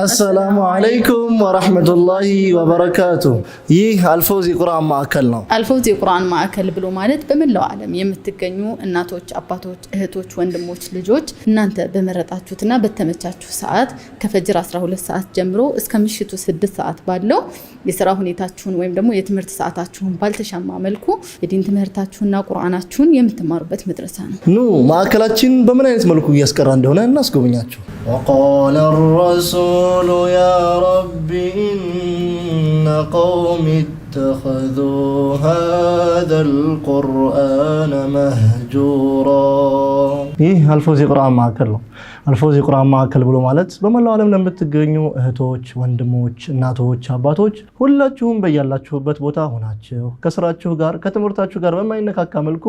አሰላሙ አለይኩም ወራህመቱላሂ ወበረካቱ። ይህ አልፈውዝ የቁርአን ማዕከል ነው። አልፈውዝ የቁርአን ማዕከል ብሎ ማለት በመላው ዓለም የምትገኙ እናቶች፣ አባቶች፣ እህቶች፣ ወንድሞች፣ ልጆች እናንተ በመረጣችሁትና በተመቻችሁ ሰዓት ከፈጅር 12 ሰዓት ጀምሮ እስከ ምሽቱ 6 ሰዓት ባለው የስራ ሁኔታችሁን ወይም ደግሞ የትምህርት ሰዓታችሁን ባልተሻማ መልኩ የዲን ትምህርታችሁንና ቁርአናችሁን የምትማሩበት መድረሳ ነው። ኑ ማዕከላችን በምን አይነት መልኩ እያስቀራ እንደሆነ እናስጎብኛችሁ። ወቃለ ረሱል يقول يا رب إن قوم اتخذوا هذا القرآن مهجورا ይህ አልፎዚ ቁርአን ማዕከል ነው። አልፎዚ ቁርአን ማዕከል ብሎ ማለት በመላው ዓለም ለምትገኙ እህቶች፣ ወንድሞች፣ እናቶች፣ አባቶች ሁላችሁም በያላችሁበት ቦታ ሆናችሁ ከስራችሁ ጋር ከትምህርታችሁ ጋር በማይነካካ መልኩ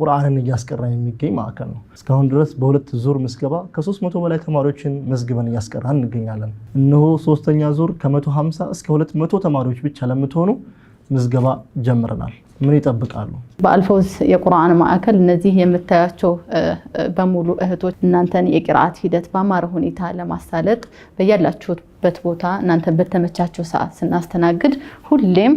ቁርአንን እያስቀራን የሚገኝ ማዕከል ነው። እስካሁን ድረስ በሁለት ዙር ምዝገባ ከ300 በላይ ተማሪዎችን መዝግበን እያስቀራን እንገኛለን። እነሆ ሶስተኛ ዙር ከ150 እስከ 200 ተማሪዎች ብቻ ለምትሆኑ ምዝገባ ጀምረናል። ምን ይጠብቃሉ? በአልፈውዝ የቁርአን ማዕከል እነዚህ የምታያቸው በሙሉ እህቶች እናንተን የቂርአት ሂደት በአማረ ሁኔታ ለማሳለጥ በያላችሁበት ቦታ እናንተን በተመቻቸው ሰዓት ስናስተናግድ ሁሌም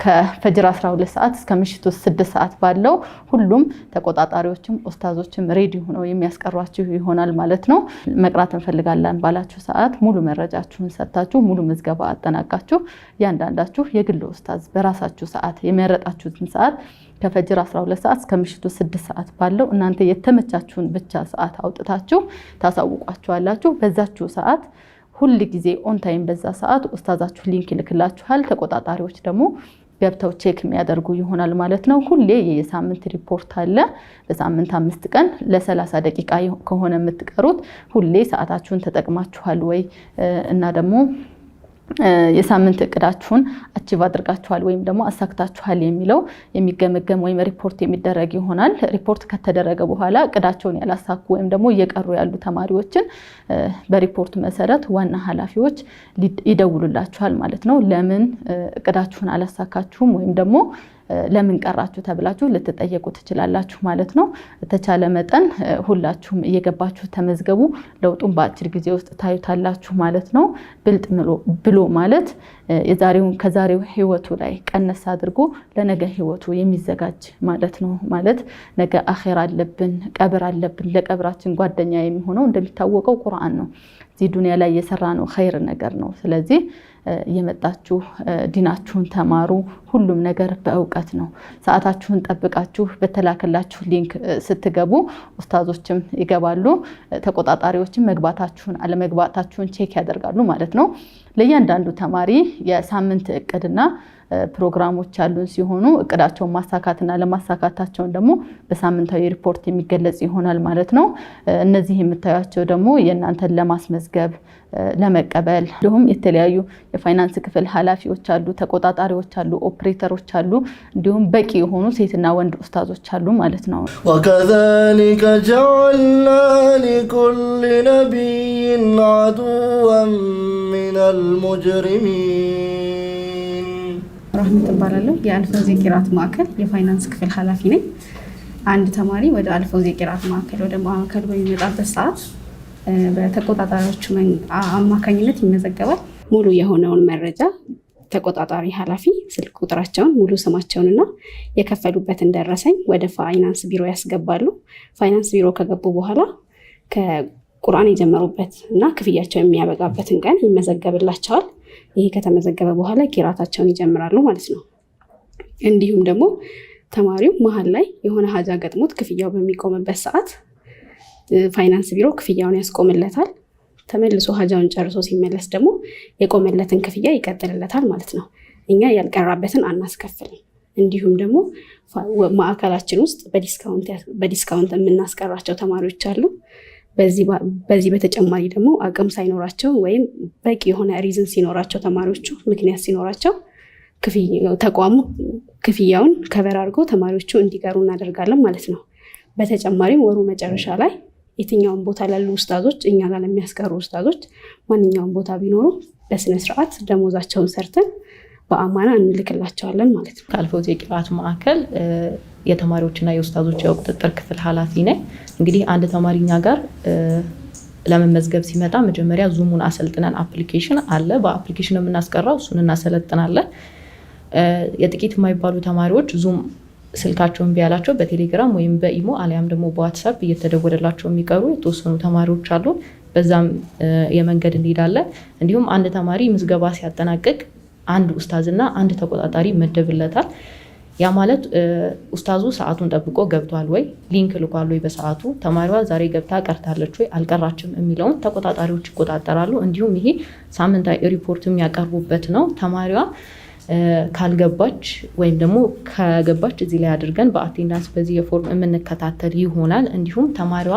ከፈጅር 12 ሰዓት እስከ ምሽቱ 6 ሰዓት ባለው ሁሉም ተቆጣጣሪዎችም ኦስታዞችም ሬዲ ሆነው የሚያስቀሯችሁ ይሆናል ማለት ነው። መቅራት እንፈልጋለን ባላችሁ ሰዓት ሙሉ መረጃችሁን ሰጥታችሁ ሙሉ ምዝገባ አጠናቃችሁ እያንዳንዳችሁ የግል ኦስታዝ በራሳችሁ ሰዓት የመረጣችሁ በፈለጋችሁትን ሰዓት ከፈጅር 12 ሰዓት እስከ ምሽቱ 6 ሰዓት ባለው እናንተ የተመቻችሁን ብቻ ሰዓት አውጥታችሁ ታሳውቋችኋላችሁ። በዛችሁ ሰዓት ሁል ጊዜ ኦንታይም በዛ ሰዓት ኡስታዛችሁ ሊንክ ይልክላችኋል። ተቆጣጣሪዎች ደግሞ ገብተው ቼክ የሚያደርጉ ይሆናል ማለት ነው። ሁሌ የሳምንት ሪፖርት አለ። በሳምንት አምስት ቀን ለሰላሳ ደቂቃ ከሆነ የምትቀሩት ሁሌ ሰዓታችሁን ተጠቅማችኋል ወይ እና ደግሞ የሳምንት እቅዳችሁን አቺቭ አድርጋችኋል ወይም ደግሞ አሳክታችኋል የሚለው የሚገመገም ወይም ሪፖርት የሚደረግ ይሆናል። ሪፖርት ከተደረገ በኋላ እቅዳቸውን ያላሳኩ ወይም ደግሞ እየቀሩ ያሉ ተማሪዎችን በሪፖርቱ መሰረት ዋና ኃላፊዎች ይደውሉላችኋል ማለት ነው። ለምን እቅዳችሁን አላሳካችሁም ወይም ደግሞ ለምን ቀራችሁ ተብላችሁ ልትጠየቁ ትችላላችሁ ማለት ነው። ተቻለ መጠን ሁላችሁም እየገባችሁ ተመዝገቡ። ለውጡን በአጭር ጊዜ ውስጥ ታዩታላችሁ ማለት ነው። ብልጥ ብሎ ማለት የዛሬውን ከዛሬው ህይወቱ ላይ ቀነስ አድርጎ ለነገ ህይወቱ የሚዘጋጅ ማለት ነው። ማለት ነገ አኼር አለብን፣ ቀብር አለብን። ለቀብራችን ጓደኛ የሚሆነው እንደሚታወቀው ቁርአን ነው። እዚህ ዱኒያ ላይ የሰራ ነው ኸይር ነገር ነው። ስለዚህ የመጣችሁ ዲናችሁን ተማሩ። ሁሉም ነገር በእውቀት ነው። ሰዓታችሁን ጠብቃችሁ በተላከላችሁ ሊንክ ስትገቡ ኡስታዞችም ይገባሉ፣ ተቆጣጣሪዎችም መግባታችሁን አለመግባታችሁን ቼክ ያደርጋሉ ማለት ነው። ለእያንዳንዱ ተማሪ የሳምንት እቅድና ፕሮግራሞች ያሉን ሲሆኑ እቅዳቸውን ማሳካትና ለማሳካታቸውን ደግሞ በሳምንታዊ ሪፖርት የሚገለጽ ይሆናል ማለት ነው። እነዚህ የምታያቸው ደግሞ የእናንተን ለማስመዝገብ ለመቀበል እንዲሁም የተለያዩ የፋይናንስ ክፍል ኃላፊዎች አሉ፣ ተቆጣጣሪዎች አሉ፣ ኦፕሬተሮች አሉ፣ እንዲሁም በቂ የሆኑ ሴትና ወንድ ኡስታዞች አሉ ማለት ነው። ወከዛሊከ ጀዐልና ሊኩሊ ነቢይን ዐዱወን ሚነል ሙጅሪሚን አህመድ እባላለሁ። የአልፎ ቂራት ማዕከል የፋይናንስ ክፍል ኃላፊ ነኝ። አንድ ተማሪ ወደ አልፎ ቂራት ማዕከል ወደ ማዕከል በሚመጣበት ሰዓት በተቆጣጣሪዎቹ አማካኝነት ይመዘገባል። ሙሉ የሆነውን መረጃ ተቆጣጣሪ ኃላፊ ስልክ ቁጥራቸውን፣ ሙሉ ስማቸውንና የከፈሉበትን ደረሰኝ ወደ ፋይናንስ ቢሮ ያስገባሉ። ፋይናንስ ቢሮ ከገቡ በኋላ ከቁርአን የጀመሩበት እና ክፍያቸው የሚያበቃበትን ቀን ይመዘገብላቸዋል። ይሄ ከተመዘገበ በኋላ ኪራታቸውን ይጀምራሉ ማለት ነው። እንዲሁም ደግሞ ተማሪው መሀል ላይ የሆነ ሀጃ ገጥሞት ክፍያው በሚቆምበት ሰዓት ፋይናንስ ቢሮ ክፍያውን ያስቆምለታል። ተመልሶ ሀጃውን ጨርሶ ሲመለስ ደግሞ የቆመለትን ክፍያ ይቀጥልለታል ማለት ነው። እኛ ያልቀራበትን አናስከፍልም። እንዲሁም ደግሞ ማዕከላችን ውስጥ በዲስካውንት የምናስቀራቸው ተማሪዎች አሉ። በዚህ በተጨማሪ ደግሞ አቅም ሳይኖራቸው ወይም በቂ የሆነ ሪዝን ሲኖራቸው ተማሪዎቹ ምክንያት ሲኖራቸው ተቋሙ ክፍያውን ከበር አድርጎ ተማሪዎቹ እንዲገሩ እናደርጋለን ማለት ነው። በተጨማሪም ወሩ መጨረሻ ላይ የትኛውን ቦታ ላሉ ውስታዞች እኛ ጋር ለሚያስቀሩ ውስጣዞች ማንኛውም ቦታ ቢኖሩ በስነስርዓት ደሞዛቸውን ሰርተን በአማና እንልክላቸዋለን ማለት ነው። ከአልፈውት የቂራት ማዕከል የተማሪዎችና የውስታዞች የቁጥጥር ክፍል ኃላፊ ነኝ። እንግዲህ አንድ ተማሪኛ ጋር ለመመዝገብ ሲመጣ መጀመሪያ ዙሙን አሰልጥነን አፕሊኬሽን አለ። በአፕሊኬሽን የምናስቀራው እሱን እናሰለጥናለን። የጥቂት የማይባሉ ተማሪዎች ዙም ስልካቸውን ቢያላቸው በቴሌግራም ወይም በኢሞ አሊያም ደግሞ በዋትሳፕ እየተደወለላቸው የሚቀሩ የተወሰኑ ተማሪዎች አሉ። በዛም የመንገድ እንሄዳለን። እንዲሁም አንድ ተማሪ ምዝገባ ሲያጠናቅቅ አንድ ኡስታዝና አንድ ተቆጣጣሪ መደብለታል። ያ ማለት ኡስታዙ ሰዓቱን ጠብቆ ገብቷል ወይ፣ ሊንክ ልኳል ወይ፣ በሰዓቱ ተማሪዋ ዛሬ ገብታ ቀርታለች ወይ አልቀራችም የሚለውን ተቆጣጣሪዎች ይቆጣጠራሉ። እንዲሁም ይሄ ሳምንታዊ ሪፖርት የሚያቀርቡበት ነው። ተማሪዋ ካልገባች ወይም ደግሞ ከገባች እዚህ ላይ አድርገን በአቴንዳንስ በዚህ የፎርም የምንከታተል ይሆናል። እንዲሁም ተማሪዋ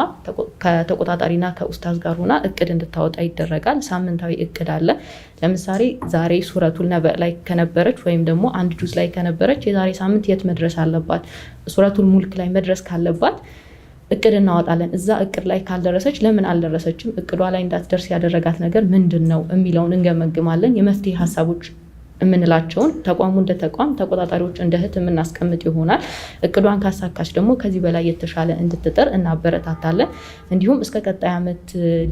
ከተቆጣጣሪና ከኡስታዝ ጋር ሆና እቅድ እንድታወጣ ይደረጋል። ሳምንታዊ እቅድ አለ። ለምሳሌ ዛሬ ሱረቱል ነበእ ላይ ከነበረች ወይም ደግሞ አንድ ጁዝ ላይ ከነበረች የዛሬ ሳምንት የት መድረስ አለባት? ሱረቱል ሙልክ ላይ መድረስ ካለባት እቅድ እናወጣለን። እዛ እቅድ ላይ ካልደረሰች ለምን አልደረሰችም፣ እቅዷ ላይ እንዳትደርስ ያደረጋት ነገር ምንድን ነው የሚለውን እንገመግማለን። የመፍትሄ ሀሳቦች የምንላቸውን ተቋሙ እንደ ተቋም ተቆጣጣሪዎች እንደ እህት የምናስቀምጥ ይሆናል። እቅዷን ካሳካች ደግሞ ከዚህ በላይ የተሻለ እንድትጥር እናበረታታለን። እንዲሁም እስከ ቀጣይ ዓመት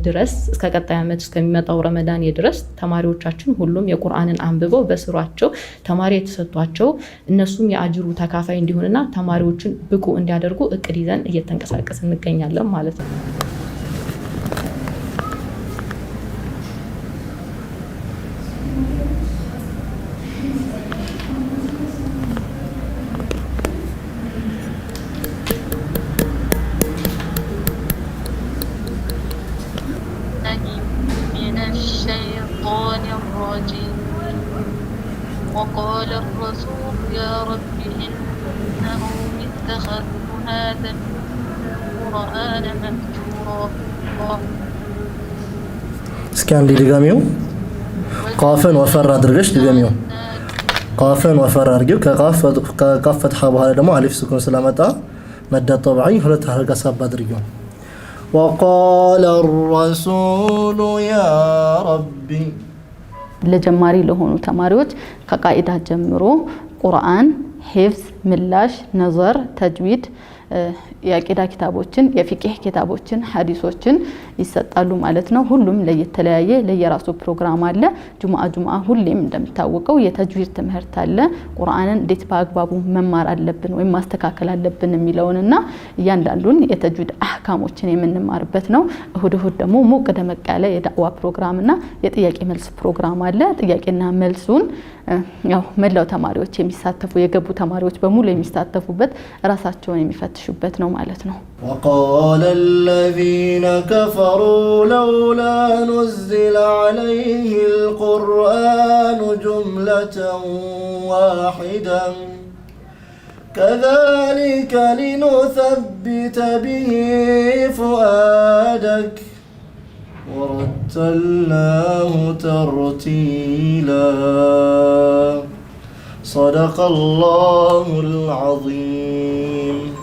ድረስ እስከ ቀጣይ ዓመት እስከሚመጣው ረመዳን ድረስ ተማሪዎቻችን ሁሉም የቁርአንን አንብበው በስሯቸው ተማሪ የተሰጥቷቸው እነሱም የአጅሩ ተካፋይ እንዲሆንና ተማሪዎችን ብቁ እንዲያደርጉ እቅድ ይዘን እየተንቀሳቀስ እንገኛለን ማለት ነው። وقال الرسول يا رب إنهم اتخذوا هذا القرآن مهجورا سكان دي دقاميو قافا وفر أدرجش قافا قافን ወፈር አድርጊው ከቃፍ ፈትሓ በኋላ ደግሞ አሊፍ سكون ስለመጣ መዳ ጠብዓኝ ሁለት አድርጋ ሳብ አድርጊው وقال الرسول يا ربي ለጀማሪ ለሆኑ ተማሪዎች ከቃኢዳ ጀምሮ ቁርአን፣ ሂፍዝ፣ ምላሽ፣ ነዘር፣ ተጅዊድ የአቂዳ ኪታቦችን፣ የፊቅህ ኪታቦችን፣ ሀዲሶችን ይሰጣሉ ማለት ነው። ሁሉም ለየተለያየ ለየራሱ ፕሮግራም አለ። ጁምአ ጁምአ ሁሌም እንደሚታወቀው የተጅዊድ ትምህርት አለ። ቁርአንን እንዴት በአግባቡ መማር አለብን ወይም ማስተካከል አለብን እና እያንዳንዱን የተጅዊድ አህካሞችን የምንማርበት ነው። እሁድ እሁድ ደግሞ ሞቅ ደመቅ ያለ የዳዋ ፕሮግራምና የጥያቄ መልስ ፕሮግራም አለ። ጥያቄና መልሱን ያው መላው ተማሪዎች የሚሳተፉ የገቡ ተማሪዎች በሙሉ የሚሳተፉበት ራሳቸውን የሚፈትሹበት ነው ማለት ነው። وقال الذين كفروا لولا نزل عليه القرآن جملة واحدة كذلك لنثبت به فؤادك ورتلناه ترتيلا صدق الله العظيم